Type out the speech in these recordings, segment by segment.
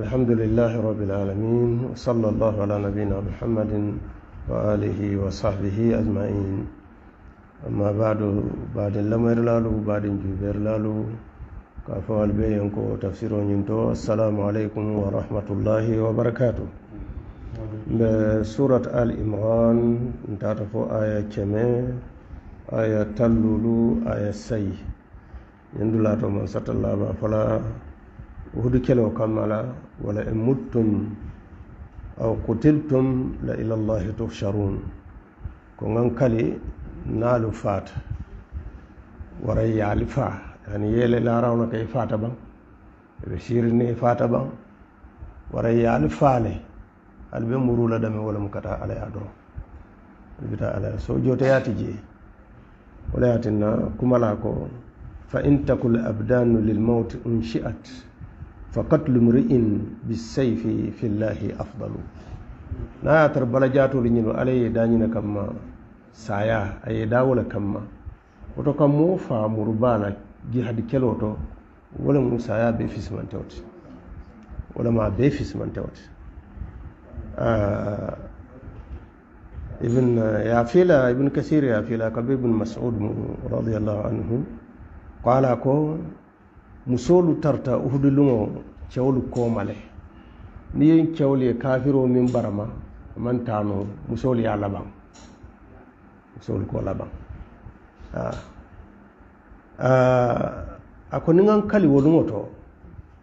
الحمد لله رب العالمين وصلى الله على نبينا محمد وآله وصحبه أجمعين أما بعد بعد لمر لالو بعد جبر لالو كفوال بينك تفسير ننتو السلام عليكم ورحمة الله وبركاته بسورة آل عمران تعرفو آية كم آية تللولو آية سي يندلاتو من ستلابا فلا hudukelewo kammala wala in muttum aw kutiltum la ilallahi tuhsharun ko gan kali naalu faata waray yaali faa yani yeele laarawna ka i faata ɓan eɓe sirini i faata ɓan waray yaali faale ala ɓe murula ɗame wala mu kata alaya doo ɓita alaya so jota yaati jee wala yaatinna kumala ko fa in takul abdanu lilmauti unshi at fa katlu mriin bisayfi fi llahi afdalu naayatar bala jaatoolu ñinu ala ye dañina kamma saya a ye daawola kamma woto kam moo faamuru baala jihadi keloo to wo le mu saya be fisimantewo ti wo lema be fisimantewo ti ah, ibin yafiila ibine kasir yafiila kabe ibine masud mu radiallahu anhu qaala ko musolu tarta uhdulugo cewlu komale niyin cewli e kafiro min barama mantano musolu ya laban musolu ko laban ako ningan kali wolugo to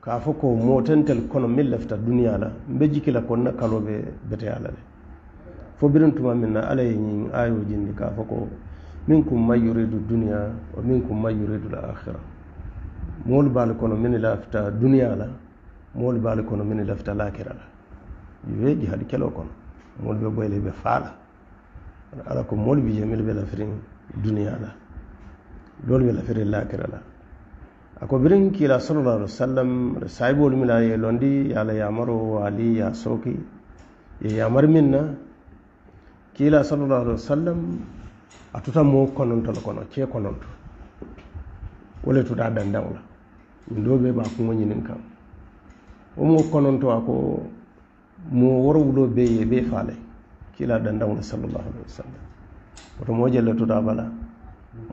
ka fo ko motentel kono min lefta duniya la be jikila konna kaloɓe bete ala de fo birin tuma minna alayñin ayojinni ka fo ko min kum ma yuridu duniya o min kum ma yuridu l akhira moolu baalu kono min lafta duniya la moolu baalu kono min lafta laakira la weeji haɗi keloo kono moolu ɓe ɓoyle ɓe faala ala ko moolu bi je mil ɓe lafirin duniya la loolu ɓe lafirin laakira la ako birin kiila salallah alih wa sallam ɗo saayiboolu mila ye londi ye allah yamaro ali ya sooki ye yamar min na kiila salallah alih wa sallam a tuta moo kononto la kono cee kononto wole tuta dandaŋo la ndoobe ma ko ngoñinen kam omo kononto a ko mo worowulo be ye be faalay kila dandawna sallallahu alahi wa sallam oto mojelletoɗa bala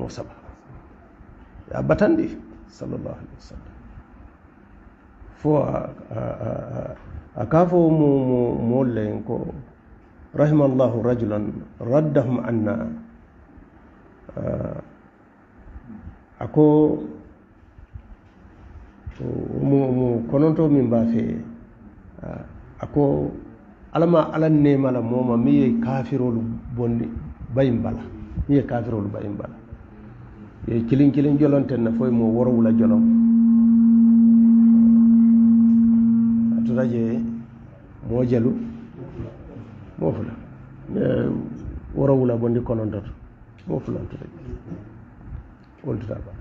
mo saba a batandi sallallahu alahi wa sallam fo a kafo mo mo molle en ko rahima llahu rajulan raddahum anna ako ko noon to min mbaafe ako alama alan nemala mooma mi ye kafirolu bonni bayim bala mi ye kafirolu bayim bala ye kilin kilin jolonten na foye mo worowula jolon tota je moo jalu moo fula worowula bondi kononto to moo fulantota wol tutaba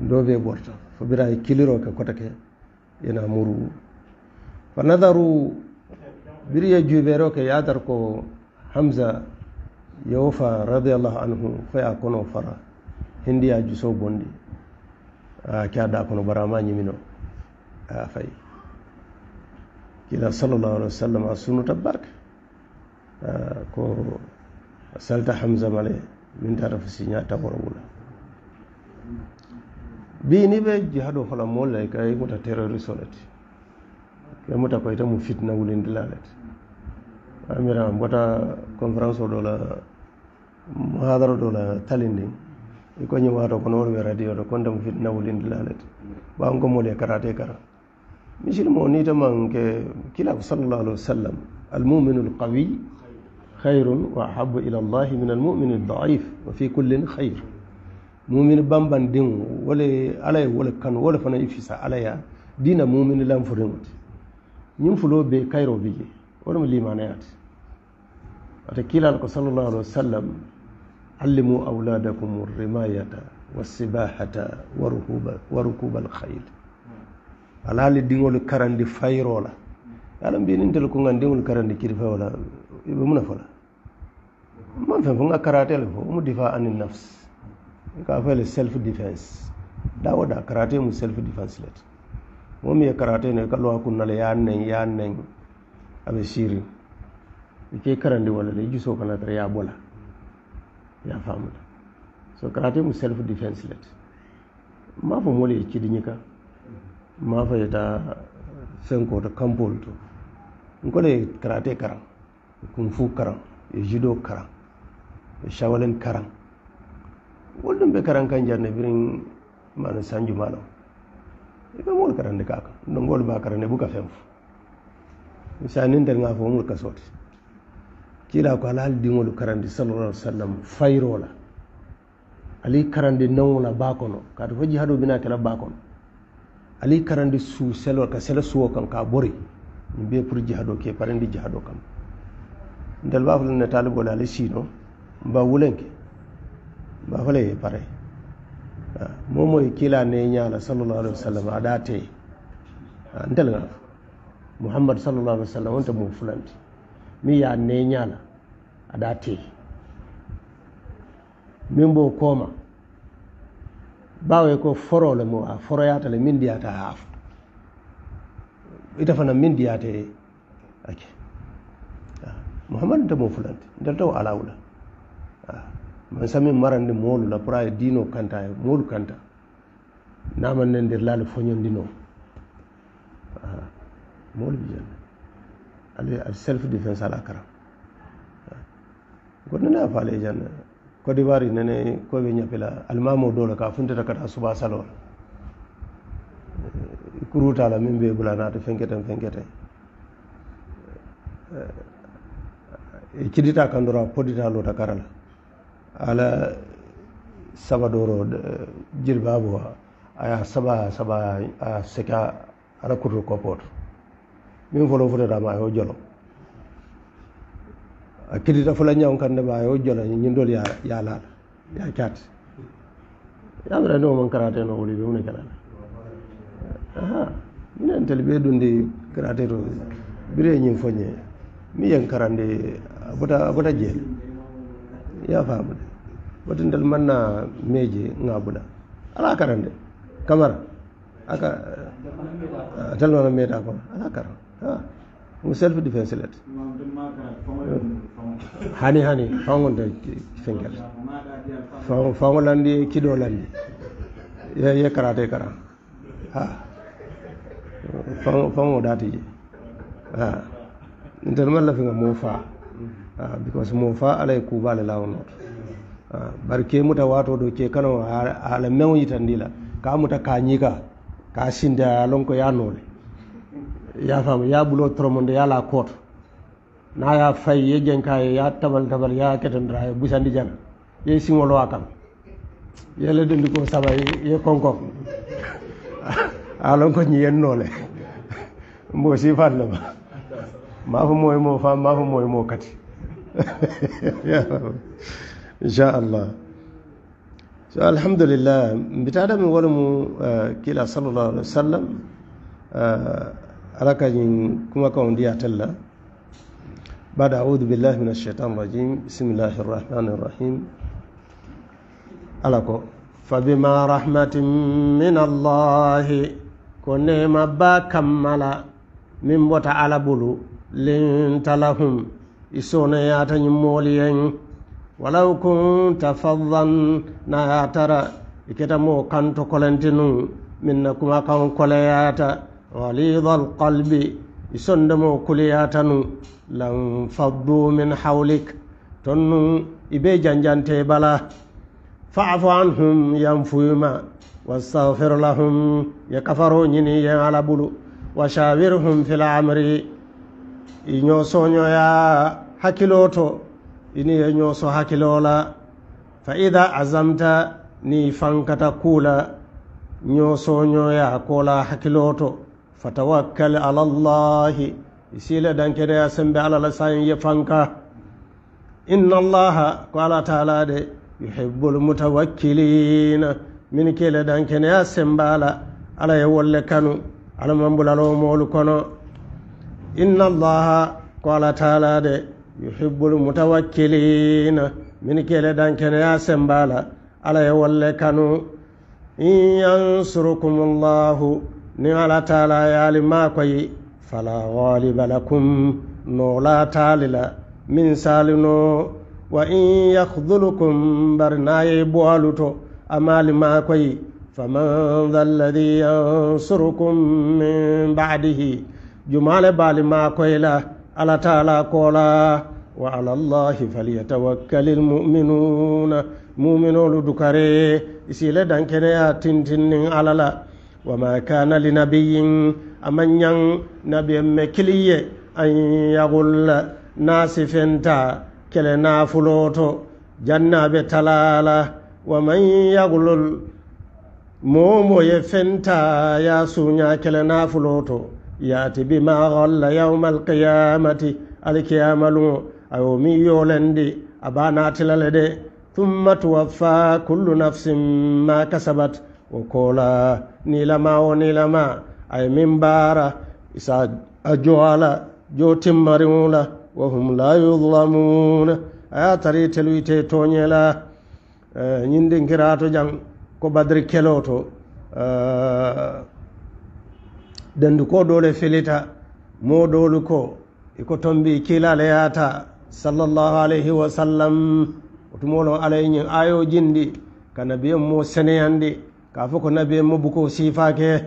doobee borta fobira ye kiliroo ke kota ke yena muru fa nadaru biri ye juubeeroo ke yaadar ko hamsa yewo fa radiallahu anhu fo ye a konoo fara hindi ye a jusoo bondi ke a daa kono bara ama ñimino aa fay kila salallahu alih wa sallam a sunuta barka ko salta hamsa male min taata fo siña taworowula bini ɓe jihaɗo fala mollay e kay e muta terroriste olete ke muta koye tamo fitna wulindilalete amira mbota conférence o ɗo la mohadara ɗo la talindin i e koñi wato kono wolɓe radio ɗo kon tamo fitna wulindilalete ɓawngomol e karate kara musilme o nitaman ke kilako salallah alih wa sallam almuminu lqawiy hayrun wa ahabu ila allahi min almumini ldaif wa fi kullin hayre mumin banban din wale alaye wale kan wale fana ifisa alaya dina mumin lamfurin wuti yin fulo be kairo bije wani mu limanayat watakila alku sallallahu alaihi wasallam allimu kuma rimayata wasu wasibahata wa rukuba alkhayl alali din wale karan di fayrola alam bi nin tel ko ngandingol karandi kirfa wala ibe muna fala man fa nga karate le fo mu difa anin nafsi ka fele self defense da karate mu self defense let mo mi karate ne kalwa kunnale yannen yannen abe shiri ke karande wala ne jiso kana tar ya bola ya famu so karate mu self defense let ma fa mole yake dinyika ma fa ta senko ta kampol to ko ne karate karan kung fu karan judo karan shawalen karan wolɗum ɓe karan kan jarne birin mana sanju malo ɓe mol karande kaka no ngol ba karande buka fen fo misaninder ga fo mol kasote kila ko ala dingolu karande sallallah alih sallam fayrola ali karande nawola bakono kata faji haɗo bina kela bakono ali karande su selol ka sela suwo kan ka bori min mbiye pour jihaɗo ke parendi jihaɗo kam ndel bafolene talibole ala sino mba wulenke ba bafale pare momoy kila ne ñala sallallahu alaihi wasallam a te ntel nga muhammad sallallahu alaihi wasallam wonta mo fulanti mi ya ne ñala a te min bo koma bawe ko foro forole mo a foro foroyata le min diyata haaf ita fana min diyate ake muhammad nta mo fulanti ndeltaw alawla man sami marande moolu la pour a diino kanta e moolu kanta naman ne nder laale foñondino moolu bi jan ala a self defence ala kara gonnene a faale jan côte d'ivoire nene ko ɓe ñapela almamo doola ka funtata kata suba salowa kurutala min ɓe bulanata fenketen fenketen e ciɗita kandora podita lota karala ala sabadoro eh, jilbabo aya saba saba a sika ala kutu kopoto min folo futatama ayo jolo a kidita fula ñaw kande ba ayo jolo ñindol ya ya laala ya kat ya wara no man karate no wuli be mun kala aha min antel be dundi karate to bire ñi fogné mi yen karande bota bota jeel ya famu de watindal man na meje ŋaɓuɗa ala karan de camara aka talmana meeda kon ala kara ɗu self defence let hani hani fawgonta fengel fawgo landi kiɗo landi ye karate kara a fawgo daati je a intan mallafinga mo fa a because mo fa alaye kuuba le lawonoto Ah, bari ke muta wato ɗo ke kano haala mewñita ndila ka muta ka ñika ka sinde a lon ko yanole ya fama ya ɓulo tromonde yala kooto na ya fay ye jenka ye ya tabal tabal ya ketendira ye busandi jana ye siŋoloa kam ye ledendi ko saba ye konkon a lon ko ñiyen nole mbo si fallema mafo moy mo fam mafo moy mo kati inchallah so alhamdulillah mbitaɗa mi wolemu eh, kila sallallah alih wa sallam eh, alakañin kumakaw ndiyatella bada audu billahi min alcheitan rajim bisimillahi rrahmani rrahim ala ko fa bima rahmatin min allahi ko nema ba kammala min bota ala bolu linta lahum i sonayatañin mooliyen walaw kunta faddan naatara ikita mo kanto kolenti nu minna kuma kan koleyata ghalida alqalbi isonde mo kuliyata nu lan faddu min hawlik ton nu ibe janjante bala faafu anhum yanfuyuma wastafir lahum ye kafaro ñini yen ala bulu washawirhum fi lamri iñoo soñoya hakkiloto ini yeño so hakkilola fa ida azamta ni fankata kuula ñoosoñoya koola hakkiloto fa tawakkal ala llahi isiile dankene a sembe ala la san ye fanka inna allaha ko ala taala de yuhibbu lmutawakkilina min kiile dankene a semba ala ala ye wolle kanu ala mambulalomoolu kono inna allaha ko ala taala de yuhibbul mutawakkilina min kele dan keneya sembala ala ye wolle kanu in yansurukum llahu ni ala taala yaali makoyi fala galiba lakum nola taali la min salino wa in yahdulukum bari naye boalu to amaali makoyi faman ha alladi yansurukum min badihi jumale baali makoyi la ala taala koola wa ala llahi falyatawakkal lmuminuna muminolu dukare isile dankeneya tintinnin ala la wama kana linabiyin aman ñan nabien me kiliye an yagulla naasifenta kele naafuloto jannaɓe talala waman yagulol moo moye fenta ya suuña kele naafuloto yaati bima galla yawma alqiyamati alkiyama lugo ayo mi yolendi aba natilale de thumma tuwaffa kullu nafsin ma kasabat o kola nilama o nilama aye min baara isa a jo ala jo timmariŋola wa hum la yulamuna aya tari teluyite toñela eh, ñindinkirato jang ko badri kelo to uh, eh, dandu ko ɗole felita moɗolu ko eko tombi kilala yaata sallllahu alayhi wa sallam otumolo alayni ayo jinɗi ka nabiyen mo seneyanɗi ka fo ko nabiyen mo buko sifake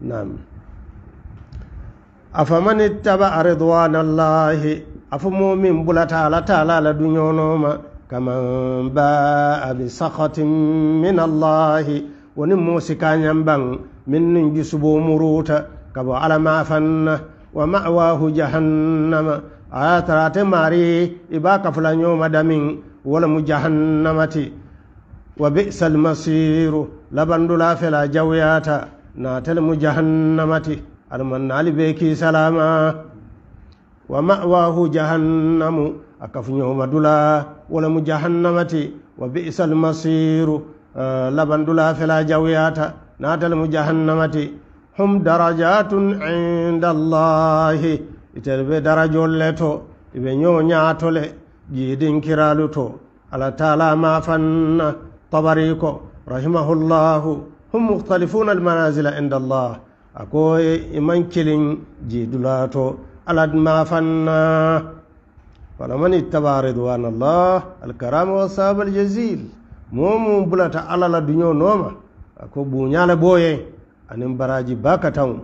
nam afaman ittaba'a ridwana llahi afo momin bulata ala tala ala duñonoma kaman baa bisahatin min allahi wonin mo sikañan ban min nun gisubo muruta kabo alama fanna wa mawahu jahannama aya tarate maari i ba kafula ñooma damin wolemu jahannamati wa bisa almasiru labandula fela jawyata naatelemu jahannamati almannaali be ki salama wa mawahu jahannamu a kafu ñooma dula wolemu jahannamati wa bisa almasiru eh, labandula fela jawyata naatal mu jahannamati hum darajatun inda allahi itel ɓe darajol le to iɓe ñooñaatole jiidinkiralu to allah taala maafanna tabari ko rahimahullahu hum muxtalifuna almanasila inda allah ako iman kilin jiidulaato alat maafanna wala man ittaba ridwan allah alkarama wasaaba aljasil momum bulata alala duñoo nooma ko buñala ɓooye anin baraji baka taw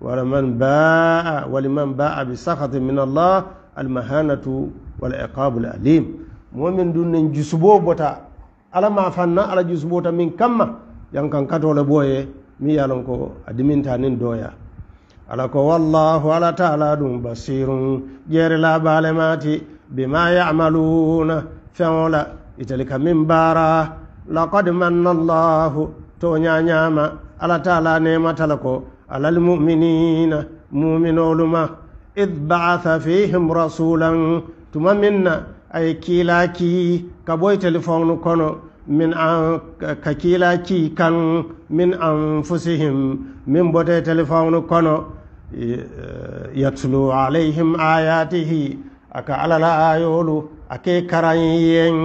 wala man baa waliman baa bi sahati min allah almahanatu wal iqabu l alim momin ɗum nen jusuboo bota alama fanna ala jusuboota min kamma yankan katole ɓooye mi yalon ko a diminta nin doya ala ko wallahu ala taala ɗum basirum ƴeere laɓale mati bima yamaluna fewola itali ka min baara laqad manna allahu toñañama alatala nematala ko alal muminina muminolu ma id baaha fihim rasulan tuma minna ay kiila ki ka ɓoy téléphone kono min an ka kiila ki kan min anfusihim min bote téléphone kono e, e, yatlu alayhim ayatihi aka alala ayolu ake karan yen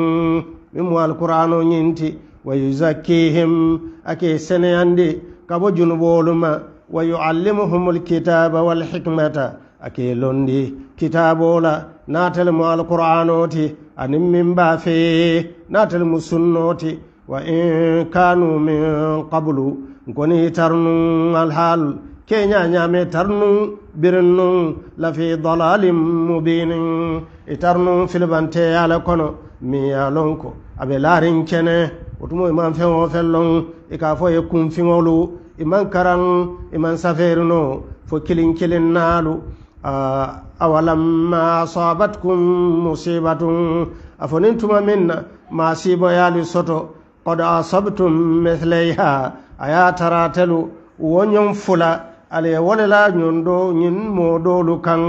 min mo alqouranu ñinti wa yuzakkihim ake seneyande ka bo junuboolu ma wa yuallimuhum alkitaba walhikmata ake londi kitabola naatel mu alqur'anoti anin min baafe naatel mu sunnoti wa in kanu min qablu ngoni tarnu alhaal ke ñañaame tarnu birinnu lafi dalalin mubinin i tarnu filibanteyala kono min yalon ko aɓe laarin kene otumo i maŋ feŋo feŋ i e ka e e fo ye kunfiŋolu i maŋ karaŋ i maŋ safeerino fo kiliŋ kiliŋ naalu awalamma asabatkum musibatun a fo niŋ tuma miŋ na maasiiboyaalu soto qod asabtum mithileyha a ye a taraatelu wo ñoŋ fula ali ye wo le la ñoŋ do ñiŋ moo doolu kaŋ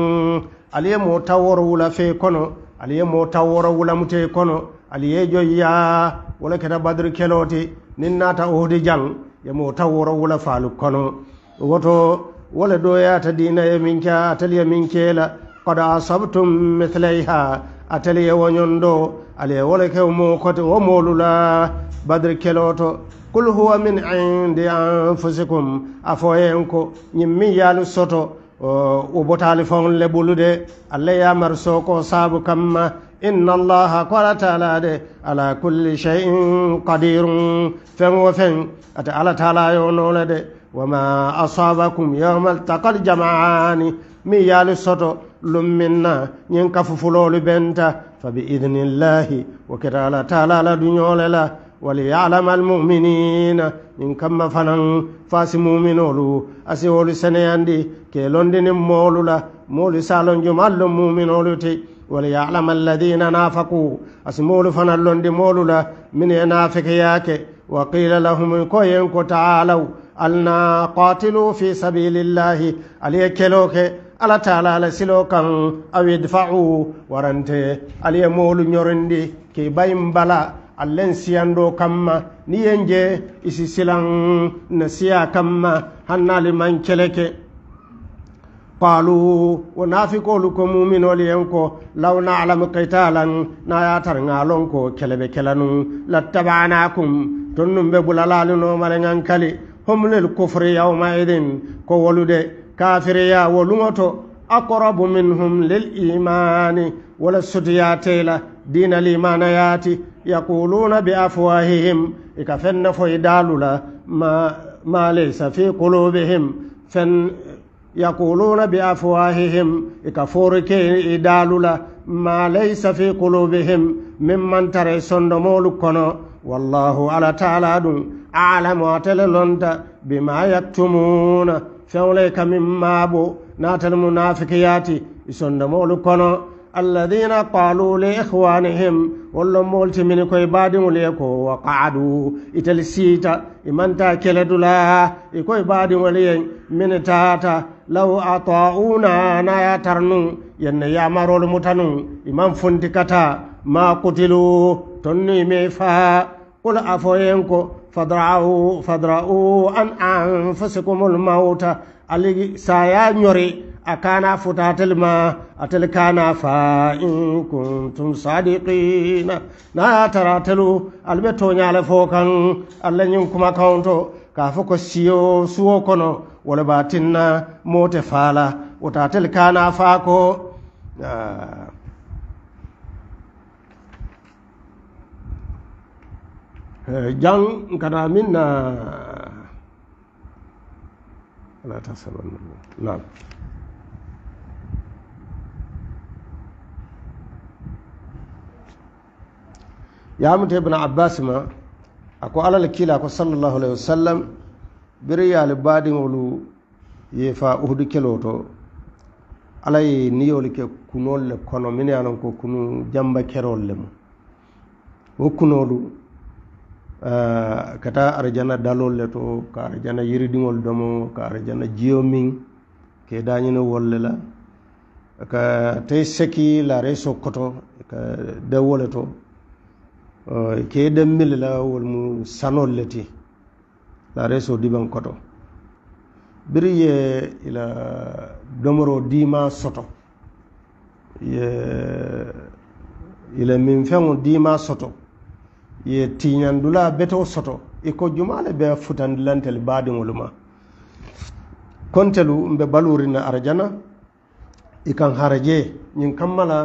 ali ye moo tawworo wulafee kono ali ye moo tawworo wulamutee kono ali ye joyyaa wala kata badre kelote nin naata ohde jal yemo taw woro wula faalu kono woto wala ɗo yata dina ye min ke ataliya min keela qod asabtum mithlayha ataliya woñon ɗo alaye wala ke mo kote wo molula badre keloto qul huwa min indi anfusicum a foyen ko ñin min yaalu soto o botali fon le ɓulude allah yamar soko saabu kamma inna allaha koalatala de ala kulli cheyin kadiru fen wo fen ate ala tala yo nole de wama asabakum yawmal takal jamaani min yaali soto lum minna ñin kafufulolu benta fa bi idinillahi wo kita ala tala la duñole la waliyalama almuminina ñin kamma fanan faasi muminolu asiwolu seneyandi ke londini moolu la moolu salonjumallo muminolu ti waliyalama alladina nafaku asimoolu fanan londi moolu la min e nafikeyaake wa qila lahum ko yen ko taalaw alna qatilu fi sabilillahi ali ye keloo ke ala taala la siloo kan aw idfau warante ali ye moolu ñorindi ki bayin bala allen siyandoo kamma niyen je isi silan na siya kamma hannaali man keleke paaluhu wo naafikoolu ko muminoolu yen ko law naalamu kitaalan naayaatar ŋaalon ko kelebe kelanu lattabanakum ton num be bulalaalu noomaleŋan kali homlel kufri yawma idin ko wolu de kafiriya woluŋoto akorabu minhum lil imani wala sutiyaateila diinal imanayaati yaquluuna bi afwahihim ika fen na foy daalu la ma ma leysa fi kulubihim fen yaquluna bi afwahihim i ka foori ke i daalu la ma laysa fi qulubihim mimman tara sondomolu kono wallahu ala taala ɗum alamu atele lonta bima yattumuna fewle ka min maaɓo naatal munafikiyaati i sondomolu kono alladina qalu li ikhwanihim wollo moltimini koy baadiŋol ye ko wa qaadu itel siita imanta keledula i koy baadiŋol yeŋ mini taata law ata'uuna na ya tarnu yenne yamarol mutanu iman funti kata ma kutilu tonnu imi faa kul afo yen ko fadra'u fadra'u an anfusikumul mauta aligi saya nyori a kana futa atal ma atal kana fa in kuntum sadiqina na tara talu albe to nyaale fo kan alla nyum kuma kaunto ka fu ko siyo suwo kono wala ba tinna mote fala wata atal kana fa ko eh, jan kana minna la tasalun nam yamute bna abbas ma ako alal kila ko sallallahu alayhi wa sallam biriyaali baadiŋolu ye fa uhdu kelo to alaye niyolu ke kunol le kono min ye anon ko kunu jamba kerol le mu wo kunolu uh, kata arajana dalol le to ka arajana yiridiŋol domo ka arajana jiyo miŋ ke dañino wol le la ka tey seki la reso koto ka dewo le to Eh, keeɗen mille la wolmu sanol le ti la reso diban koto biri ye ila domoro diima soto ye ila min feŋo diima soto ye tiñandula beto soto iko jumale be futandilantel baadiŋolu ma kontelu mbe balurina arajana ikan haraje ñiŋ kammala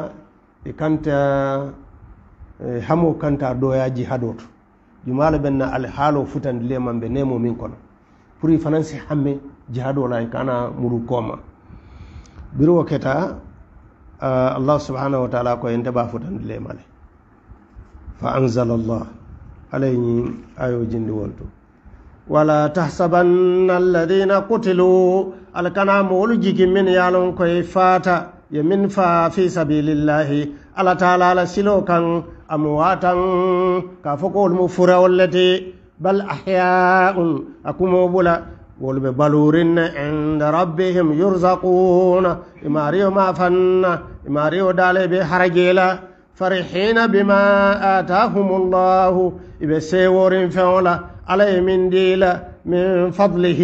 ikanta E, hamo kanta ɗoyaji haɗoto jumala ɓenna al haalo futande le mamɓe nemo min kono pour fanansi hamme jihaɗolay kana muru kooma ɓiro keta allah subhanahu wa taala ko en teɓa futande le male fa anzala llah alay ñi ayo jindi wolto wala tahsabanna alladina kutilu alkana moolu jigi min yalon koye faata yo min faa fi sabilillahi alla taala ala silo kan أمواتا كافوكو المفرا والتي بل أحياء أكمو بلا ولب بلورن عند ربهم يرزقون إماريو ما فن إماريو دالي بحرجيلا فرحين بما آتاهم الله إبسيور فولا عليه من ديلا من فضله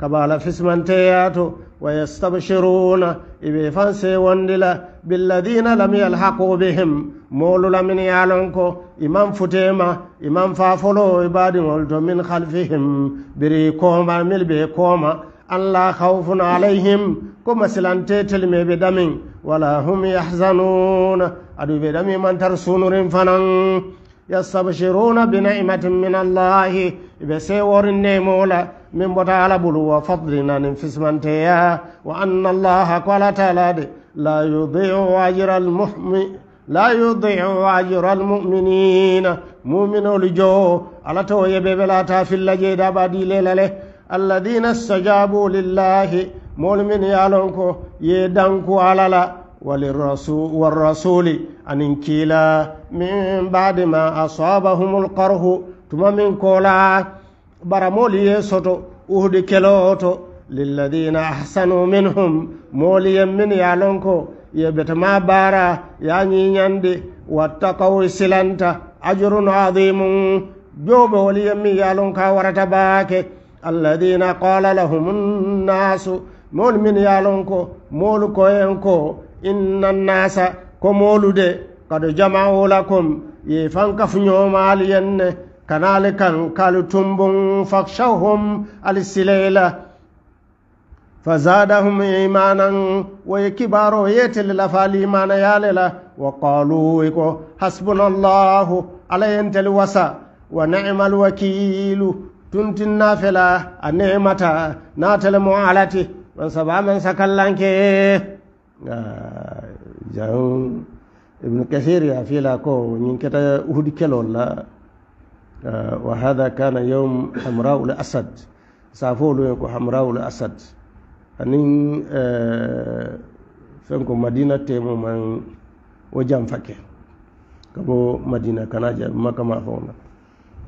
كبال فسمنتياتو ويستبشرون إبي فانسي وندلا بالذين لم يلحقوا بهم moolu lamin ye a lon ko iman futema iman fafolo i baadiŋol to min halfihim biri kooma mil be kooma an la khawfun alayhim ko masilante telime be damin wala hum yahzanun adu be dami man tar sunurin fanan yastabshiruna binimatin min allahi ibe seworin nemola min bota ala bulu wa fadlina nin fismanteya wa anna allaha ko ala taala de la yudiu ajira almuhmin la yudiu ajira almuminina muminolu joo ala to yeɓeɓelata filla jeeda ɓaɗi lelale alladina stajabu lillahi molu min yalon ko ye danku alala walrasuli anin kila min badi ma asabahum alqarhu tuma min kola baramolu ye soto uhdi kelo to lilladina ahsanu minhum moliyen min yalon ko yeɓete ma baara yañiñande wattakaw silanta ajurun adimum joɓe woli yemmi yalon ka warata baake alladina qala lahum nnasu mowoni min yalon ko molu koyen ko inna nnasa ko molude kado jamaulakum ye fankafuñomaali yenne kanali kan kalu tumbum fakshawhum alisileyla فزادهم إيمانا ويكبروا يتل لفالي مانا ياللا وقالوا يكو حسبنا الله على ينتل وسا ونعم الوكيل تنت نافلة النعمة ناتل معالتي من سبع من سكلنك جاون ابن كثير يا فيلاكو كتا أهد كلولا وهذا كان يوم حمراء الأسد سافولو يكو حمراء الأسد aniŋ eh, fenko madina temo man wo janfa kabo madina kana je maka mafaŋo la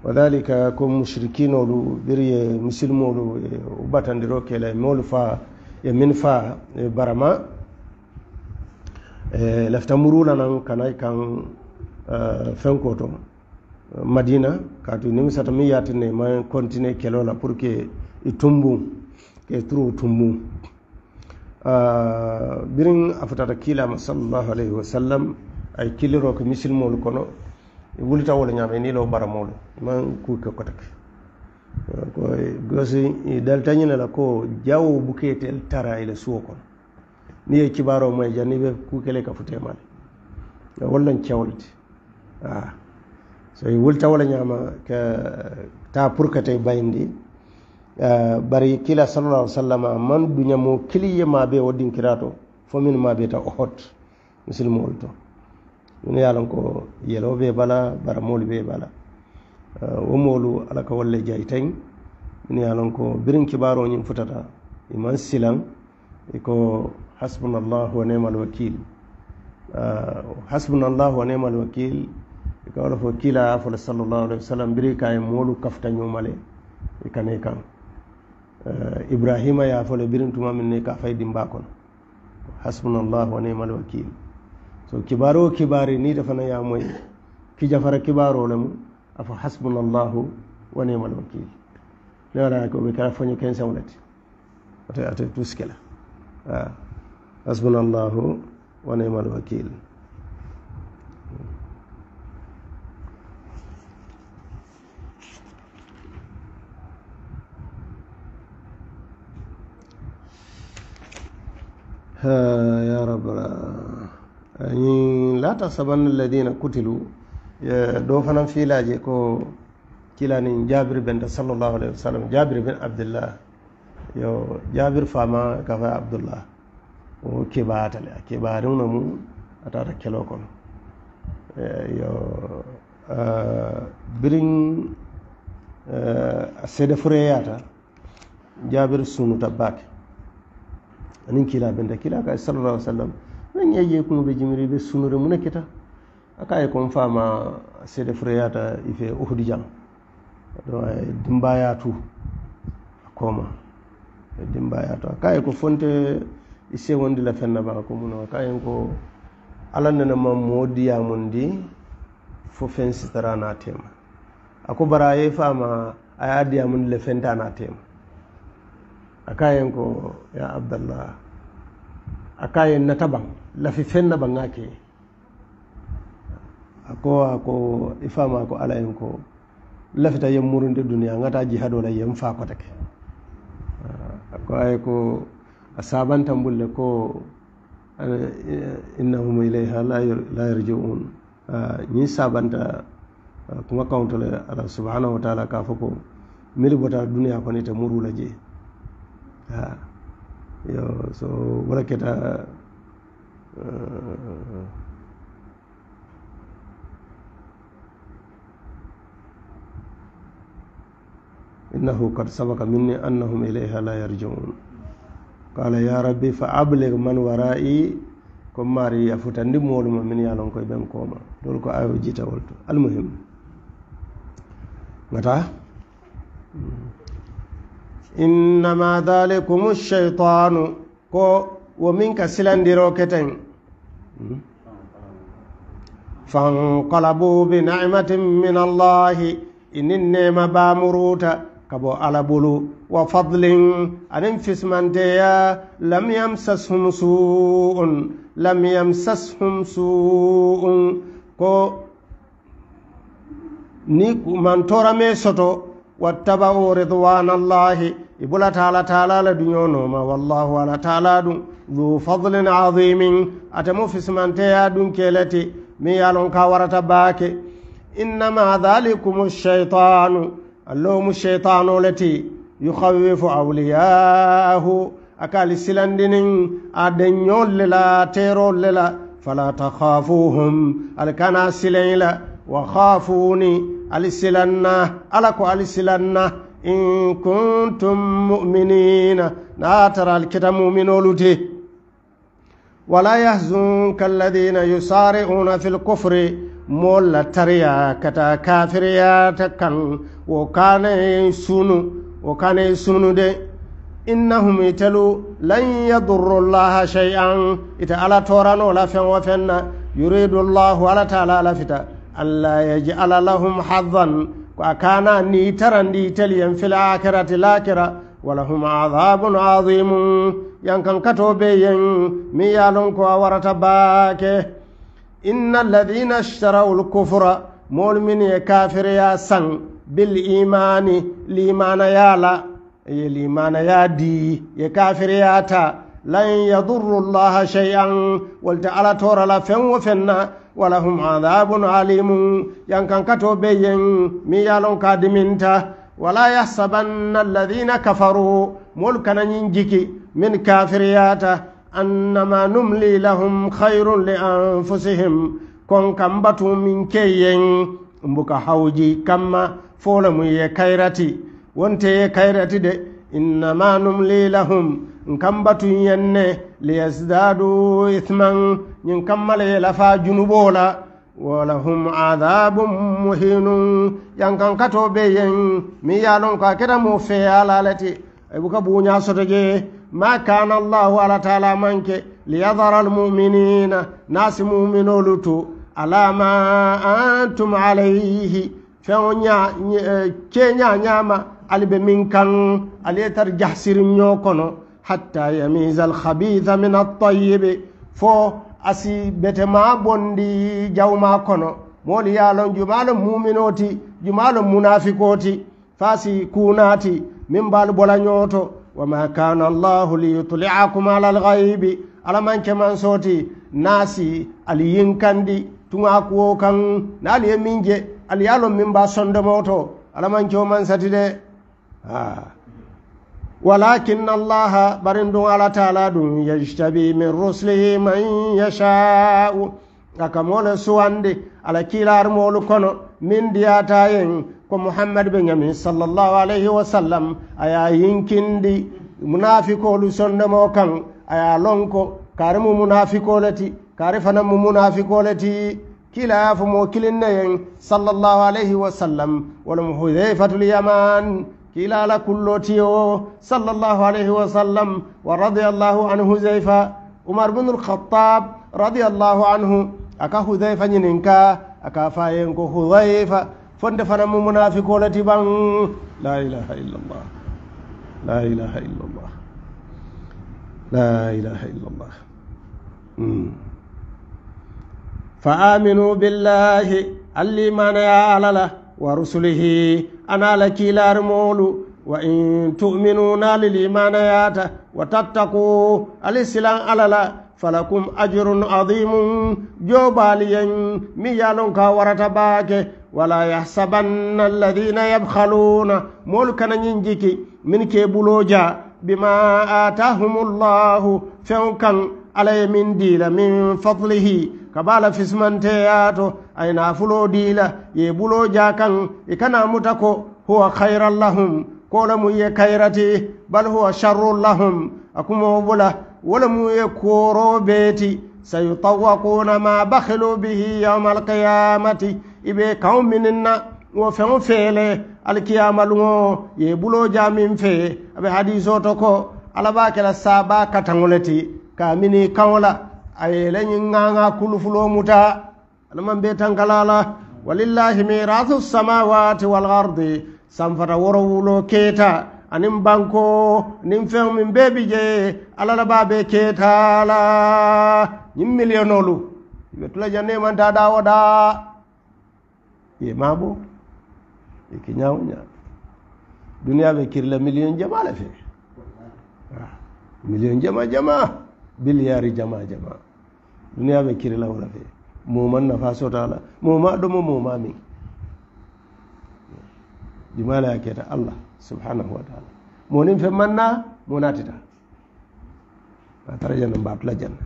wadhalika ko mushrikinolu birye ye misilimolu wo e, batandiro ke la moolu faa ye min faa e, barama e, lafita muru la naŋ kana i eh, fenko to madina kaatu ni miŋ yaati ne maŋ kontine kelola pour que itumbu ke tru tumbu Ah, biriŋ a fotata kiilama salallahu alayhi wa sallam ay killiroo ko misilmoolu kono wulitawolu ñaama e niiloo baramoolu maŋ kuuke kotake ah, ko e goosi e daltañina la ko jawo bukeetel tara ila suwo kono ni ye kibaaroo moye jan ni be kuukele ka futeemale e wol noŋ cewolti a ah, so wulitawola ñaama ka taa pour que tey bayindi Eh, bari kila sallallah alih sallam man duñamo kiliye maabe o dinkira to fomin maabe ta o hot musilmowol to ɗumne yalon ko yelowɓe bala bara moolu ɓe bala eh, wo moolu ala ka walle jay tan ɗumne yalon ko birin kibaro ñin futata iman silan eko hasbunallahu wa nimal wakil eh, hasbunallahu wa nimal wakil eko wala fo kila fola sallallahu alih wa sallam biri kaye moolu kafta ñumale e kane kan Eh, ibrahima yaafole birintumamin ne ka fay dimba kon hasbuna llah wa nimal wakil so kibaro o kibari ni ta fana yamoy kijafara kibarole mu afo hasbuna llahu wa nimal wakil ne wala ko ɓe kara foño ken sewlete ata ata tuskela ah. hasbuna llahu wa nimal wakil uh, ya rabla ñi laata saban alladina kutilu do e, fanan fiilaaje ko kilani jabir bende salallahu alayhi wa sallam jabir bin abdillah yo jabir fama kafa abdullah o keɓaatale a keɓaariuno mum a tawata kelo kono e, yo birin e, seede fureyaata jabir sunuta baake anin kila benda kila ka sallallahu alaihi wasallam nan yeye ku be jimiri be sunure mun kita aka yi kon fama sede freyata ife uhudi jang do dimbayatu koma e tu aka yi ko fonte ise wonde la fenna ba ko mun aka yi ko alanna na ma modiya mun di fo fen sitara na tema ako baraye fama ayadiya mun le fenta na tema a kayen ko ya abdallah a kayen nataban lafi fenna bangake a kowa ko ifama ko ala en ko lafita yemmurunde duniya ngata jihado la yem fakotake ko ay ko a sabanta mbulle ko innahum ilayha la yarjiun ñi sabanta kuma kawntole ala subhanahu wa taala ka fo ko mili bota duniya kon ite murula jee yo so wala keta uh, innahu qad sabaka minni annahum ilayha la yarjiun qala ya rabbi fa ablig man wara'i comme maari yafuta ndi mooluma min yaalon koye ɓen kooma dol ko awo jitawol to almuhim ngata mm -hmm. innama dhalikum lcheitanu ko womin ka silandiro keteng fanqalabuu binicmatin min allahi inin nema bamuruta kabo ala bulu wa fadlin anin fismanteya lam yamsashum suun lam yamsashum suun ko ni mantorame soto واتبعوا رضوان الله يبولا تعالى تعالى لدنيو نوما والله على تعالى دون ذو فضل عظيم أتمو في سمانتيا دون كيلتي ميالون كاورة باكي إنما ذلكم الشيطان اللوم الشيطان التي يخوف أولياءه أكالي سلندنين أدنيو للا تيرو للا فلا تخافوهم ألكنا سلين وخافوني ألسلنا ألكو ألسلنا إن كنتم مؤمنين ناتر الكتاب مؤمن ولدي ولا يحزنك الذين يسارعون في الكفر مولا تريا كتا كافريا تكن وكان يسونو وكان يسونو دي إنهم يتلو لن يضر الله شيئا إتا على توران ولا فين وفين يريد الله على تعالى لفتا allah yajala lahum hadan ko a kana ni tarandi teliyen fil akirati lakira walahum adabun adimu yankan katobe yen mi yalon ko a warata baake inna alladina ashtarau lkufra moolu min ye kafireya saŋ bilimani limanaya la ye limanaya di ye kafireyata lan yadurru llaha shay an wolte ala tora la fen wo fen na walahum adabun alimun yankan kato be yen min yalon ka diminta wala yahsabanna alladhina kafaruu molu kana ñin jiki min kafiriyata annama numli lahum khayrun li anfusihim kon kan batu min ke yen mbuka hawji kamma folamu ye kayrati wonte ye kayrati de innama numli lahum n kambatun yenne liyasdadu ithman ñin kammala yelafa junubola walahum adabum muhinum yankan kato be yen mi yalon ko a keta mo feyalalati ebuka buña sotoje ma kana allahu ala taala manke liyadara almuminina nasi muminolu to ala ma antum alayhi feo ña eh, ke ñañama alibe min kan aliyetar jahsiri ñoo kono hatta yamisa alhabisa min altayibe fo asi betema bondi jawma kono moolu ye lon jumalo muminoti jumalo munafikoti faasi kunati min baalu bolañooto wama kana allahu liyutliakum ala alhaibi alamankeman sooti naasi ali yinkandi tuŋa kuwo kan naali ye min je ali ye lon min ba sondomoto alamankewo man sati de walakin allaha barin dun ala taala dun yajtabi min rusulihi man yashau aka mole suwande ala kilarmolu kono min diyatayen ko muhammad be ñami sallallahu alayhi wa sallam aya yinkindi munafikolu sondemo kan aya lonko kare mu munafikoleti kare fana mu munafikoleti kila yafumo kilinneyen sallallahu alayhi wa sallam walam hudhaifatul yaman قيل على كل صلى الله عليه وسلم ورضي الله عنه حذيفة عمر بن الخطاب رضي الله عنه أكا حذيفة نينكا أكا فاينكو حذيفة فند فنم منافق لا إله إلا الله لا إله إلا الله لا إله إلا الله مم. فآمنوا بالله الإيمان يا الله wa rusulihi anaala kiilaari moolu wa in tuminu naali liimaana yaata wa tattaku ali silan ala la falakum ajurun adimun joobaaliyen miŋ ye a loŋ ka warata baake wala yahsabanna alladina yabhaluuna moolu kana ñiŋ jiki miŋ ke bulo jaa bima aatahumu llahu feŋo kaŋ alaye min diila min fadlihi ka baala fismante yaato ayna fuloo diila ye buloo jaa kaŋ i e kana muta ko huwa hayran lahum ko la mu ye kayrati bal huwa charrun lahum a kumoo bula wo le mu ye kuoroo beeti sayutawakuuna ma bakhilu bihi yawma alqiyamati i be kaŋo minin na wo feŋo feele alkiyama luŋo ye buloo jaa min fee a be hadisoo to ko alla baa ke la saabaa kataŋo le ti kamini kawola a yeleñi ŋaŋa kulufulo muta alaman be tankalala walillahi mirasu samawati wal ardi sanfata worowulo keta anin banko nin feŋ min be bi je alla la babe ketala ñiŋ milliyonolu ibe tula janne man ta dawo da ye mabo i kiñawo ña duniya be kirila million jama le fe ah, million jama jama bil yaari jama jama duniya ɓe kirila wona fe muman nafa sotala muma ɗomo muma min jumalaya keta allah subhanahu wa taala monin fe manna mo natita a tara janna mbatula janna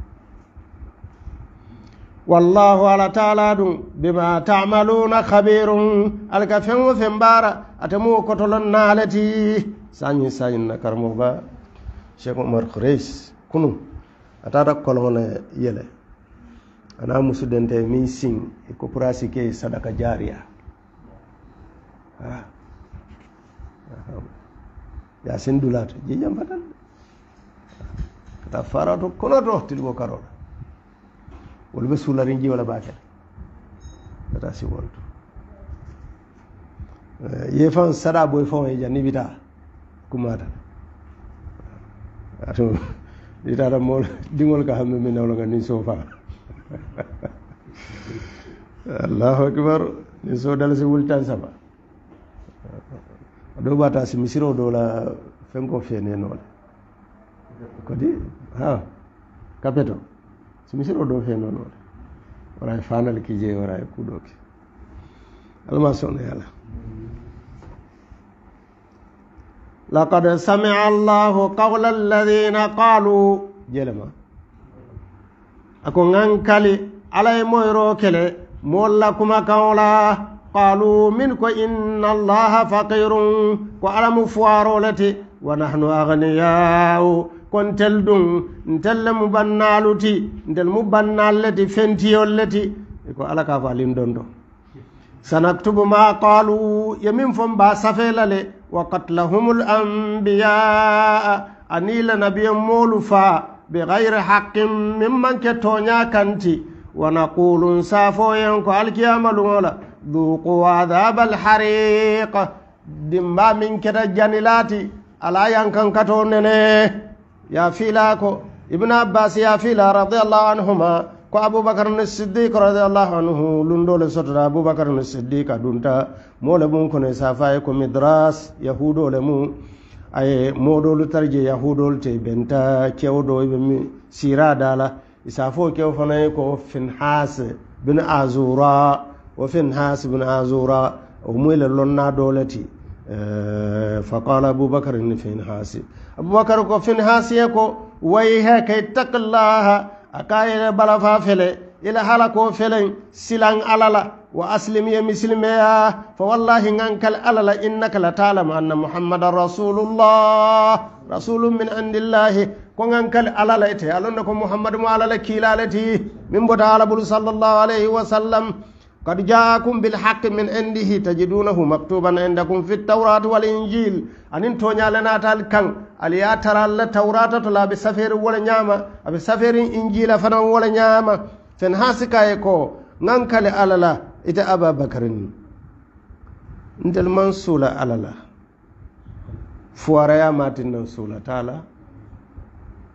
wallahu ala taala ɗum bima tamaluna kabirum alaka fenwo fen mbara atamuwo kotolon naaleti sañi sañinna karmo ba cheikh omar kouraise kunum a tata kolone yele ana musudente mi sin e copraci ke sadaka jaria ya sin dulato jejam fatan kata farato konoto tilgo karola wolɓe sulari jiwala bakel kata si wonto ye fan sada boy fan e janibita kumatan atum itata mool ɗiŋol ka hamme mi newloga ni sofa allahu akbar ni so dala si wultan sama a ɗo ɓata si mi siro dowla fenko fene noole kodi ha kapeto si mi siro dow feno noole waray fanal ki jeyi waray kuɗoki alma sono yala e mm -hmm. laqad samia allahu qawla alladina qalu jelema ako ŋan kali alla ye moyiro kele moolu la kumakaŋola qalu min ko inna allaha faqirun ko alamu fuwaro le ti wa nahnu aganiyau ko ntelu duŋ ntelu le mu bannaalu ti ntelu mu bannaalu le ti fentiyolu le ti ko alla ka fo alin don do sanaktubu ma qalu ye min fo m baa safe la le وقتلهم الأنبياء أنيل نبي مولفا بغير حق ممن كتونيا كنتي ونقول سافو ينكو الكيام لولا ذوقوا عذاب الحريق دمبا من كتا جانلاتي ألا ينكن كتونيني يا فيلاكو ابن عباس يا فيلا رضي الله عنهما ko aboubacar ne siddiqe radi allahu anhu lundole sotota aboubacar ne siddiqe adunta mole mum kono safaye ko midras yahudole mum aye modolu tarje yahudol te benta kewdo ɓe siradala isafo kew fanay ko finhas bin azura o finhas bin azura o muyle lonna doleti eh, faqala aboubacar ni finhas aboubacar ko finhas ye ko wayhe kay takllaha a ka yere balafa fele ila hala ko felen silan alala wa aslim ye misilimeya fa wallahi ngan kal alala innaka la talam anna muhammadan rasulullah rasulu min andillahi ko ngan kal alala ite alonde ko muhammadu mo alala kiilale ti min bota alabulu sallallahu alayhi wa sallam kad jaakum bilhaqi min indihi tajidunahu maktuban indakum fi tawrati wal injil anin toñale natal kan ali ya taralla tawrata tola aɓe saferi wola ñama aɓe safarin injila fanan wola ñama fen ha sikaye ko gankale alala ita ababacarin ndel man suula alala fuwaraya matin nan suulatala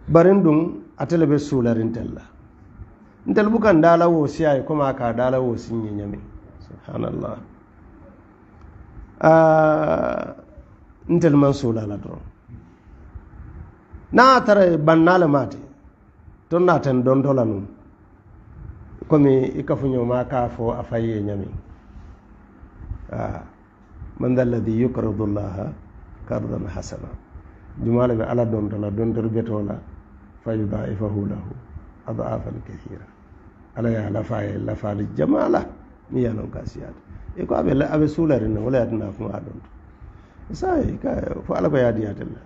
barin ɗum atele ɓe suularintella ntel bukan dala woosi ay koma ka dala woosi ñeñame subhanallah ah, ntel man suulala doron naa tara bannale maate ton naaten dondola num comme i kafuñoma ka fo a faye ñami ah, man da alladi yukridu llaha kardan hasana jumala be ala dondola dondor betola fayudaifahu lahu adafan kahira ala ya lafa ye lafaali jamala mi ya non kasiyaata e ko aɓe aɓe suulare ne wala yatana fuma ɗon to saye ka fo ala ko yaadiyatella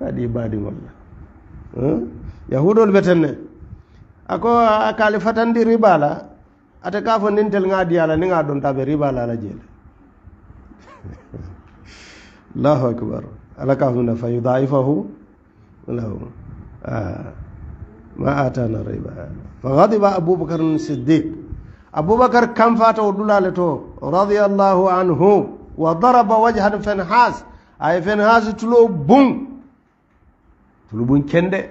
aɗi baadigolla yahuɗol ɓeten ne ako a kaali fatandi ribala ata ka fo nintel gaadi ala ni ga ɗontaɓe ribala ala jeele allahu akbar ala kafumna fa yudaifahu lahu ah. ma atana rayba fa gadiba aboubacar siddiq aboubacar kamfata o ɗulale to radiallahu anhu wa daraba wajhan fenhas aye fenhas tulo bun tulo bun kende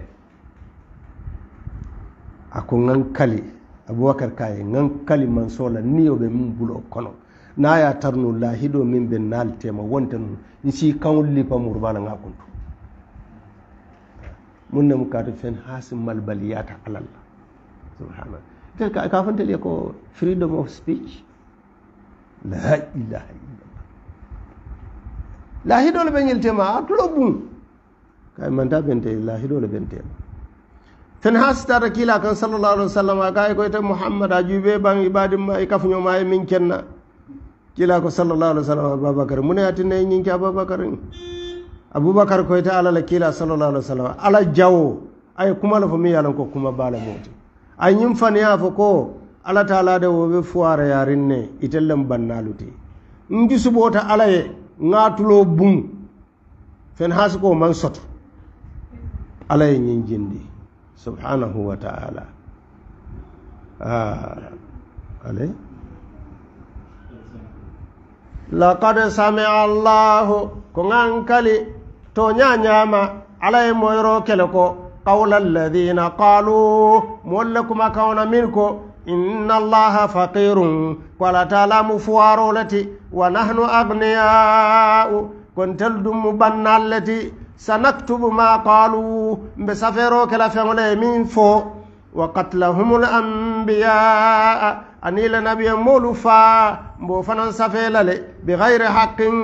ako gankali aboubacar kaye gankali mansola ni yoɓe mum bulo kono naya tarno lahiɗo min ɓe naltema wonte noon si kawol lipa murbala ga kuntu mun nam kaatu fen haasimal baliyata alal subhanallah tel ka kafantel ko freedom of speech la ilaha illallah laahidole ɓe ngel tema a tulo kay manta bente laahidole ɓen bente ten has ta rakila kan sallallahu alaihi wasallam sallam e ko kaye muhammad ajube a ibadim ma ikaf e ma e min kenna kila ko sallallahu alaihi wasallam babakar aboubacar mune atine babakar aboubacar koyta alala kila salallah alih w sallam ala jawo aye kumala fo min yalan ko kuma bala moti ay ñim faniya fo ko ala talade woɓe fuwarayarin ne itellen bannaluti n jusuɓota alaye gatulo bum fen hasi ko man soto alaye ñin jindi subhanahu wa taala ah, ale laqad samia allahu ko gankali to ñaañaama ala ye moyoro kele ko qawla alladina qaaluu moolu le kuma kaŋona min ko inna allaha faqirun ko ala taala mu fuwaaro le ti wa nahnu agniyaau kontel dummu bannaal le ti sanaktubu ma qaaluu mbe safeero kela feŋo le ye miŋ fo wa katlahumul ambiyaa ani la nabiyen moolu faa mbo fanaŋ safeela le bi gayre hakkin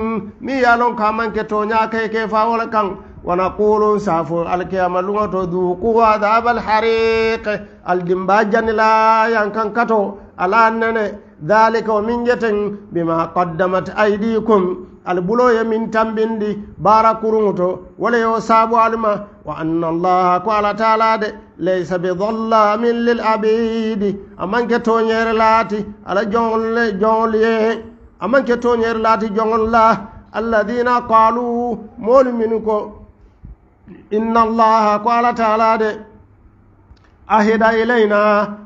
miŋ ye a loŋ ka maŋ ke too ñaakee ke faa wo le kaŋ wana kuuluŋ saafo alikiyama luŋoto duuku adaaba alhariiki al dimbaa jani la yaŋ kaŋ kato ala nene dhalika wo miŋ jeteŋ bima qaddamat aydikum al buloo ye miŋ tambindi baara kuruŋo to wo le ye wo saabu alu ma wa anna allaha ko ala taala de laysa bidallamin lil abidi amanke toñere laati ala jogol jogol ye hen amanke toñere laati jogol la alladina qalu moolu min ko inna allaha ko ala taala de ahida ilayna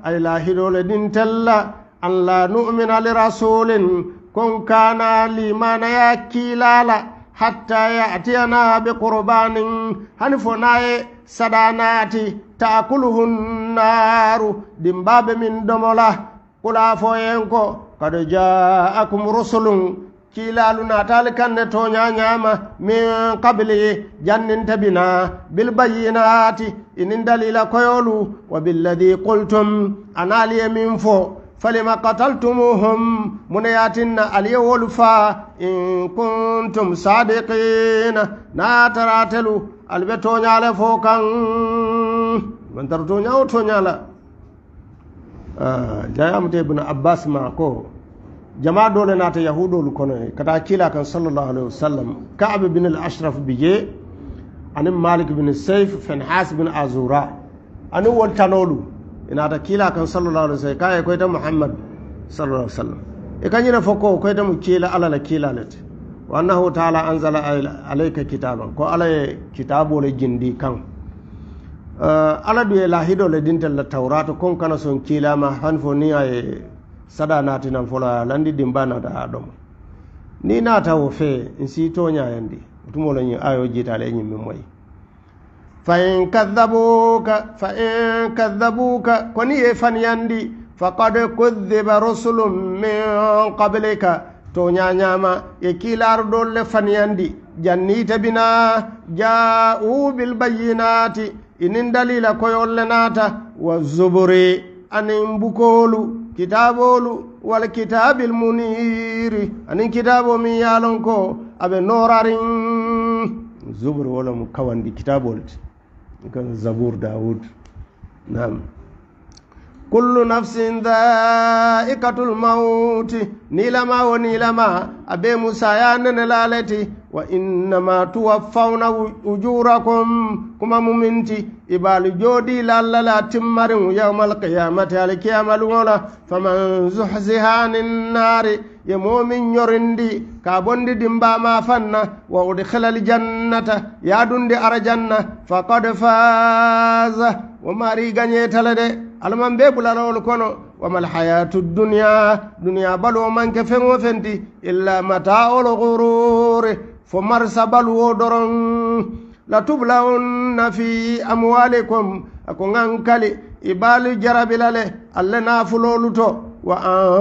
ayla hidole din tella an la numina lirasulin kon kana limana ya kiilala hatta yatiyanaha be qurbanin hani fonaye sadanati taakuluhunnaru din babe min domola kula foyen ko kad jaakum rusulun kiilalu naatali kanne toñañama min qabli janninta bina bilbayinati inin dalila koyolu wa billadi qultum anaaliye min fo falima qataltumuhum mune yatinna aliye wolu faa in kuntum sadiqina naataratelu ali be toñale fo kan mantar toñawo toñala ah, jayamute ibne abbas ma ko jama dole naata yahudolu konoye kata kila kan sallallahu alayhi wa sallam kaaba bin al ashraf bije ani malik bin saif fen has bin azura ani wol tanolu ina ta kila kan sallallahu alaihi wasallam kai ta muhammad sallallahu alaihi wasallam e kan yana foko ta mu kila ala la kila lati wa annahu ta'ala anzala alayka kitaban ko ala kitabu le jindi kan eh, ala du hido le dinta la tawratu kon kana son kila ma hanfo ni ay sada nati nan fola landi dimbana da dom ni na tawo fe in si to nya yandi tumolo ni ayo jitale ni mi moyi fa in kadabuka ko ni ye faniyandi faqad kudiba rusulum min qablika to ñañama e kilarudol le faniyandi jannita bina ja'u bil bayyinati inin dalila koyol le nata wa zuburi anin bukolu kitabolu wal kitabil muniri anin kitabo min yalon ko aɓe norarin zubur wolomo kawandi kitabol ti zabour daoud nam kullu nafsin dha'ikatul mauti nilama wo nilama a be moussa ya nene laleti wa innama tuwaffawna ujurakum kuma muminti ibaali joodi lallala timmariŋ yawma alkiyamati ali kiyamaluŋo la faman zuhziha nin naari ye moo min ñorindi ka bondi dimbaama fanna wa udkhilal jannata yaadundi arajanna faqad faasa wo maari gañeetala de alamanbe bulalawol kono wamal hayatu duniya duniya balu o manke feŋo fenti illa mata ol gurure fo marsa balu o doron latublaunna fi amwalikum ako ŋankali i baalu jarabilale alle naafuloolu to wa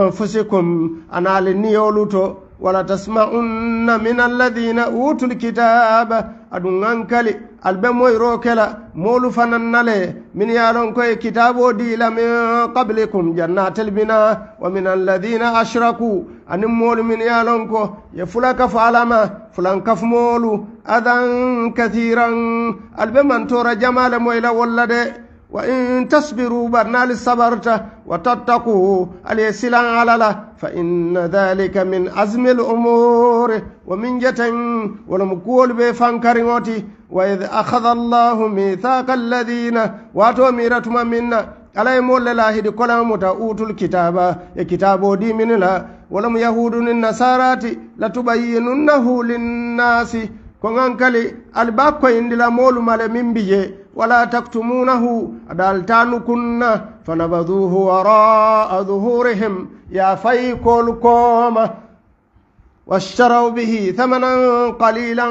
anfusikum anaali niyoolu to walatasmauna min alladina utul kitaba aɗum ankali alɓe moyro kela molu fananale min yalonkoye kitabo dila min qablikum jannatelmina wa min alladina ashraku anin molu min yalonko ye fulakafu alama fulankafu molu adan kathiran alɓe mantora jamale moyla wolla de wa in tasbiru barnali sabarta wa tattaku ali e silan alala fa inna dhalika min azmi l umuri wa min jeten wolomo kuwolu ɓe fankariŋoti wa ih akhada allahu mithaqa alladina wato mira tuma minna ala e molle la hiɗi kolamuta utul kitaba e kitabo diminila wolomo yahudu nin nasarati latuɓa yinunnahu linnasi ko ŋankali ali ba koyindila molumale min mbiye ولا تكتمونه دالتان كنا فنبذوه وراء ظهورهم يا فيك القوم واشتروا به ثمنا قليلا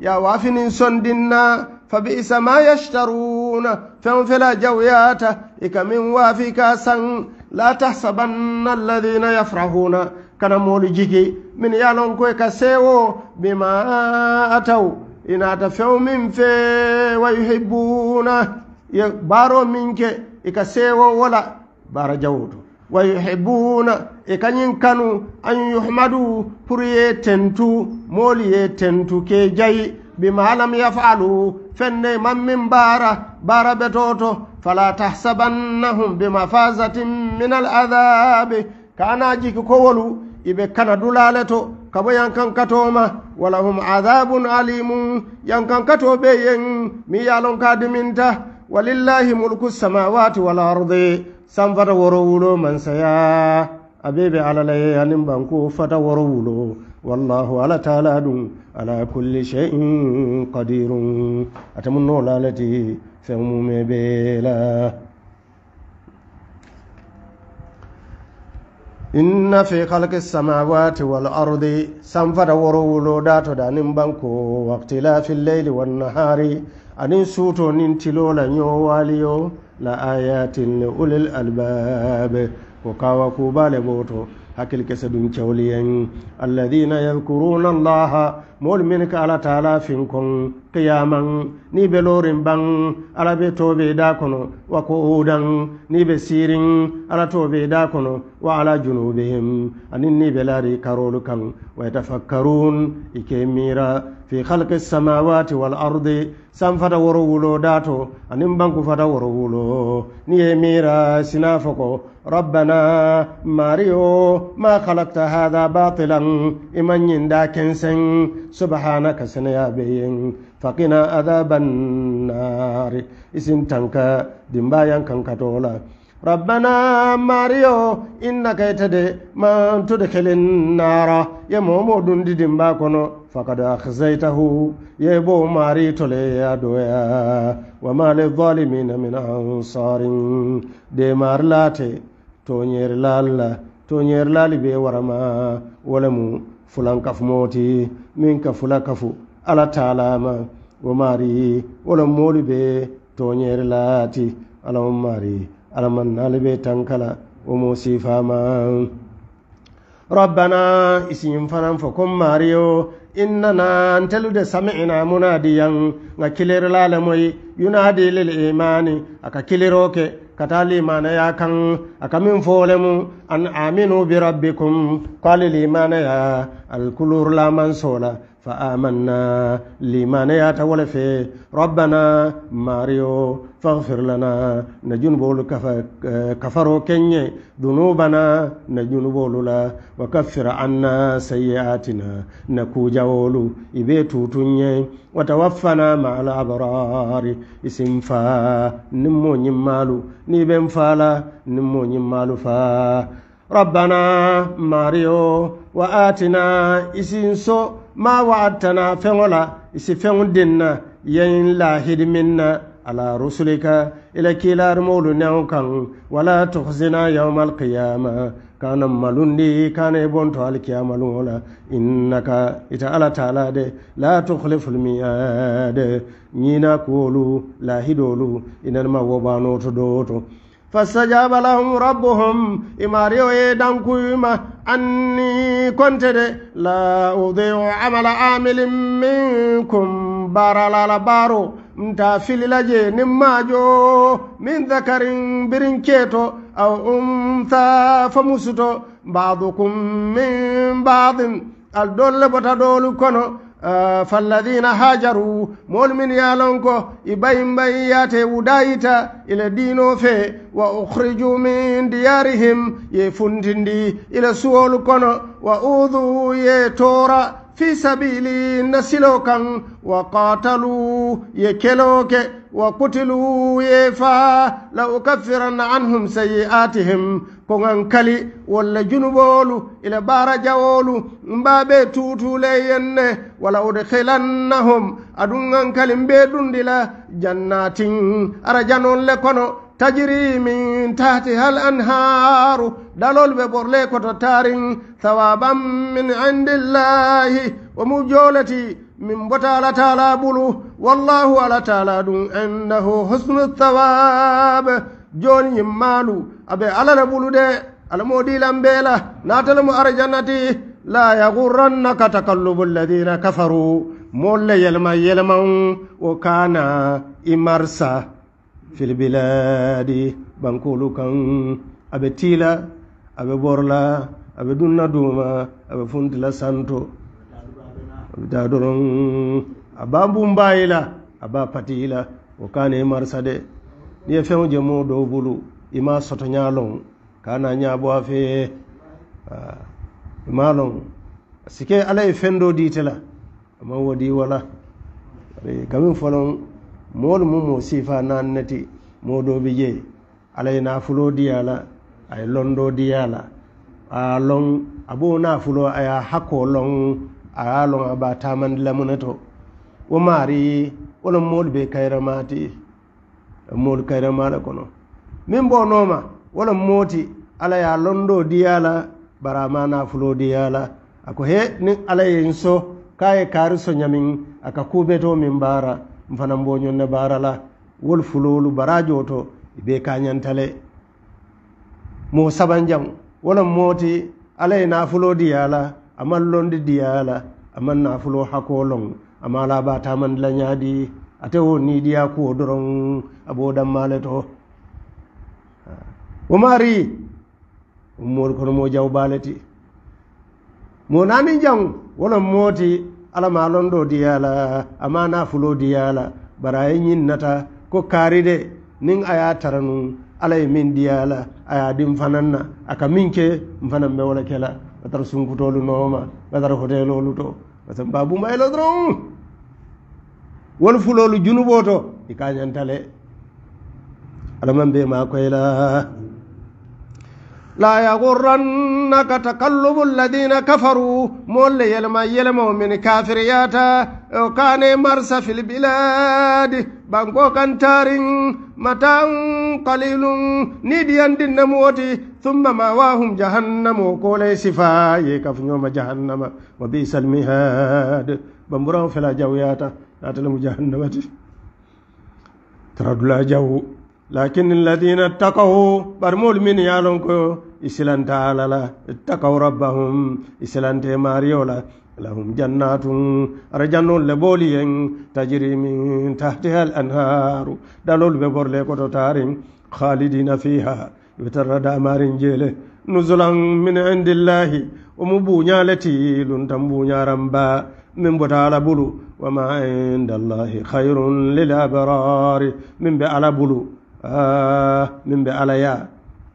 يا وافن سندنا فبئس ما يشترون فانفلا جويات إك من وافي كاسا لا تحسبن الذين يفرحون كان مولجيكي من يالون كويكا سيو بما أتوا inata few min fe wa yuhibbuna ye baaro min ke i e ka seewo wola baara jawoto wa yuhibbuna e kañin kanu an yuhmadu pour ye tentu moolu ye tentu ke jayi bima lam yafalu fenne man min baara baara betoto fala tahsabannahum bimafasatin min al adabi kana jiki kowolu iɓe kana dulale to kabo yankankatoma walahum adabun alimum yankankatoɓe yen mi yalon kadiminta walillahi mulku samawati wal ardi sanfata woro wulo mansaya abeɓe alalaye anin banko fata woro wulo wallahu ala tala ɗum ala kulli shein qadirum atamunnolalati femumeɓela inna fi halki samawati walardi sanfada woro wulo dato da nin banko waktilafi leyli wannahari anin suto nin tilola yo waliyo la ayatin li ulil albab ko kawa kubale boto hakkil kese ɗum cewliyen alladina yadkuruna allaha moolu min ka ala taala fin kon kiyaman niŋ be looriŋ baŋ ala be too be daa kono wa ko oodaŋ niŋ be siiriŋ ala too be daa kono wa ala junubehem aniŋ niŋ be laari karoolu kaŋ wa yatafakkaruun i ke miira fi halki samawati wal ardi saŋ fata woro wuloo daa to aniŋ baŋku fata woro wuloo niŋ ye miira sinaa fo ko rabbana maario ma halakta hada batilaŋ i maŋ ñiŋ daa kenseŋ subhanaka sanayaɓeyen fakina adaban nari isin tanka dimbayan kankatola rabbana mario innaka itede mantude kelen nara ye momo ɗundi dimba kono fakad akhzaytahu ye bo mari tole ya doya wama lilzalimina min ansarin de mari late toñerlalla toñerlali be warama wolemu fulankafu mooti min ka fulakafu ala taalama wo maari wolon moolu be tooñeere laati ala wo maari ala mannaale be tankala wo moo siifaama rabbana isiñin fanan fo kom maario innana ntelude samina munaadiyan ŋa kilerelaale moy yunaadi lel imani aka kileroke kata limanaya kan akamin folemu an aminu birabbicum ko ali limanaya alkulur laman sola fa amanna limana yata wole fe rabbana mario fafir lana na junubolu kafaro kenye dunubana na junubolula wa kafir anna sayiatina na kujawolu ibe tutunye watawaffana maal abrari isin fa nin moñin malu ni ben fala nin moñin malu fa rabbana mario wa atina isin so ma waadtana feŋo la isi feŋ din na yeyin laahidi min na ala rusulika ila kiilaarimoolu neŋo kaŋ wala tuhsina yauma alqiyama kana malundi kana ye bonto alikiyamaluŋo la innaka ita alla taala de la tuhlifulmiyaade ñiina kuwolu laahidoolu inanima wobaanooto dooto fastajaba lahum rabbuhum imaari o yeedankuyima anni konte de la udiu camala amilin minkum baralala baaro nta filila je nin maajo min dakarin birin keeto aw umtha fo musuto baadukum min baadin al dolle bota doolu kono آه، فالذين هاجروا مؤمن يالونكو يبين بيات ودايتا إلى دينو في وأخرجوا من ديارهم يفندندي إلى سوول كونو وأوذوا يتورا في سبيل نسلوكا وقاتلوا يكلوك وقتلوا يفا كفرن عنهم سيئاتهم ko gankali walla junuboolu ila ɓaara jawoolu mbaaɓe tuutuuley yenne wala ude xilannahum aɗum gankali mbee ɗundila jannatin ara janoon le kono tajiri min tahti hal anharu dalol ɓe ɓorle koto taarin thawaban min indillahi omu joolati min bota ala taala ɓulu wallahu ala taala ɗum indahu husnu thawab jooni yimmaalu aɓe alala ɓulude alamo ɗilan mbeela natala mo ara jannati la yagurannaka takallubu alladina kafaru molle yelma yelman o kana imarsa fil biladi bankolu kan aɓe tiila aɓe borla aɓe ɗunna duma aɓe funtila santo da doron a ba bumbayila a ba patiyila o kana imarsa de ɗiye fewje mo ɗo ɓulu ima soto ñaaloŋ kana ñaabo a feye ima loŋ si ke ala ye fendoo diite la ama wodi wala bari gamin foloŋ moolu mu moo siifa naan neti moo doo bi jee ala ye naafuloo diya la a ye londoo diya la a loŋ a boo naafuloo a ye a hakkoo loŋ a ye a loŋ a be a taamandi la mu ne to wo maari wo loŋ moolu be kayiramaati moolu kayiramaa la kono min ɓonooma wala mooti ala ye a londo diyala bara ma nafulo diyala ako he ni ala yen so ka ye kaari so ñamin aka kuubeto min baara nfana mboñonne baara la wol fuloolu barajo to i be kañantale mo sabanjam wala mooti ala ye nafulo diyala aman londi diyala aman nafulo hako loŋ ama ala baata mandi la ñaadi ate wo niidiya kuwo doroŋ aboo danmaale to o maari ummoodi kono mo jaw baaleti mo naani jaŋ wala mooti ala ma londo diyala ama na fulo diyala bara ye ñinnata ko kaari de niŋ a ye tara nu ala ye miŋ diyala a ye diŋ fanaŋ na a ka miŋ ke n fanaŋ be wo le ke la ba tara sunkutoolu nooma ba tara hoteeloolu to parce que baa bumba ila doroŋ wolu fuloolu junuboo to i ka ñanta le ala maŋ be maa koyi la la yagurannaka takallubu alladina kafaru molle yelema yelemao min kafiriyata o kane marsa fil biladi banko kan tarin matan qalilun ni diyandin nemu woti thumma ma wahum jahannamo kole sifa ye kafuñoma jahannama wa bisal mihad bamburao fela jaw yata atalemu jahannamati taradula jaw lakin alladina ittakahu bari moolu min ye lon ko isilanta ala la ittakahu rabbahum isilante mario la lahum jannatun ara jannolu le booli yen tajiri min tahtiha al anharu dalolu be borle koto taarin khalidina fiha ɓe tarra damarin jeele nusulan min indillahi omu buñaleti lunta buñaran ba min bota ala bulu wama inda allahi hayrun lil abrari min be ala bulu Ah, min ɓe alaya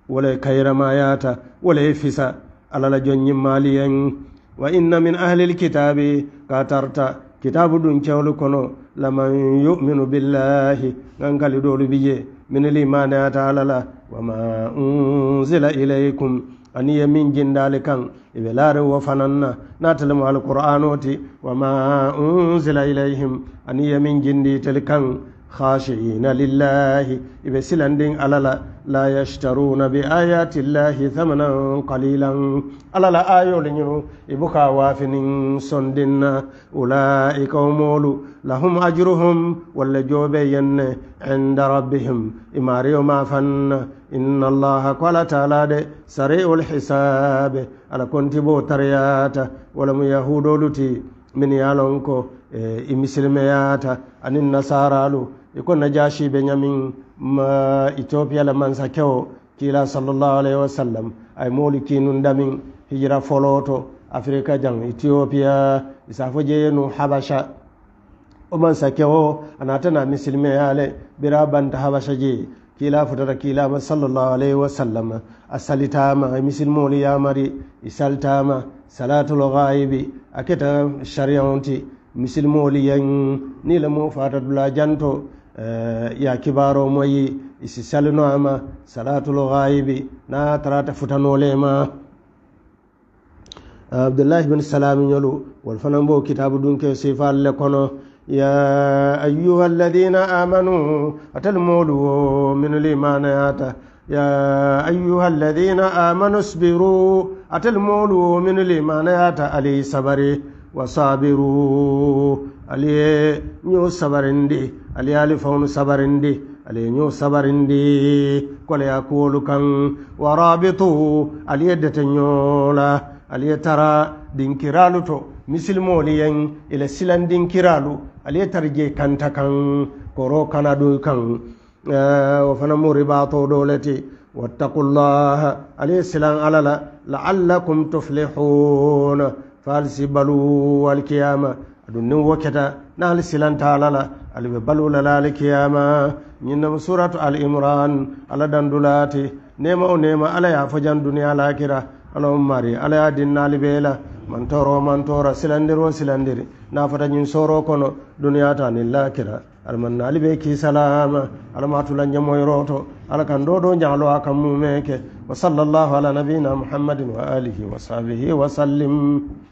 wala kayrama yaata wala e fisa alala joñimmaaliyen wa inna min ahlilkitabi ka tarta kitabu ɗum cewlu kono laman yuminu billahi ngan kali ɗolu biye minali maneyata alala wama unzila ilaykum aniye min jindali kan iɓe laare wo fananna natalemo alqur'anoti wama unzila ilayhim aniye min jindi tel kan khashiina lillahi iɓe silanndin alala la yachtaruna bi ayati illahi thamanan qalilan alala ayolu ñunu ibuka waafinin sondinna ulaika omoolu lahum ajruhum walla joobe yenne inda rabbihim imaariyo maafanna inna allaha ko ala taala de sari'ul hisaabe ala kontiboo tariyaata wala mu yahuudoolu ti min yaalon ko e imisilmeyaata anin nasaaraalu iko najashiɓe ñamin ma éthiopia la mansa kewo kiila sallllahu alayhi wa sallam ay moolu kinun ɗamin hijira foloto africa jang éthiopia isafo jeyenu habacha o mansa kewo anatana misilme yale bira banta habacha je kiila futata kiilama sallllahu alayhi wa sallam a salitama e misilmolu yamari i saltama salatul gaibi a keta sharia onti misilmolu yen ni lamo fata dula janto Eh, ya kibaro moyi isi salino ama salatul ghaibi na tarata futanole ma eh, abdullahi bin salam ñolu wol fana mbo kitabu dunke sifal le kono ya ayuha alladina amanu atal molu wo min limana yata ya ayuha alladina amanu sbiru atal molu wo min limana yata ali sabari wa sabiru aliye ñoo sabarindi ali ye ali fawnu sabarindi ali ye ñoo sabarindi koleya kuwolu kaŋ wa rabitu ali ye dete ñoola ali ye tara dinkiraalu to misilimoolu yeŋ i le silandinkiraalu ali ye tara jee kanta kaŋ koro kanadu kaŋ eh, wo fana mu ribaato do le ti wattakullaha ali ye silaŋ alla la laallakum tuflihuuna fa ali si baluu alkiyama aduŋ niŋ wo keta naŋ ali silanta alla la aliɓe balulalaali kiyama ñinnam suratu al imran ala dandulaati nema o nema ala ya fojan duniya lakira ala ummari ala ya dinnali beela man toro man tora silandiri o silandiri na fota ñin soro kono duniya ta nin lakira alamanna ali ɓe kisalama alamatula jamoyroto ala kan ɗo ɗo jahlo a kam mumeke wa sallllahu ala nabina muhammadin wa alihi wa sahbihi wa sallim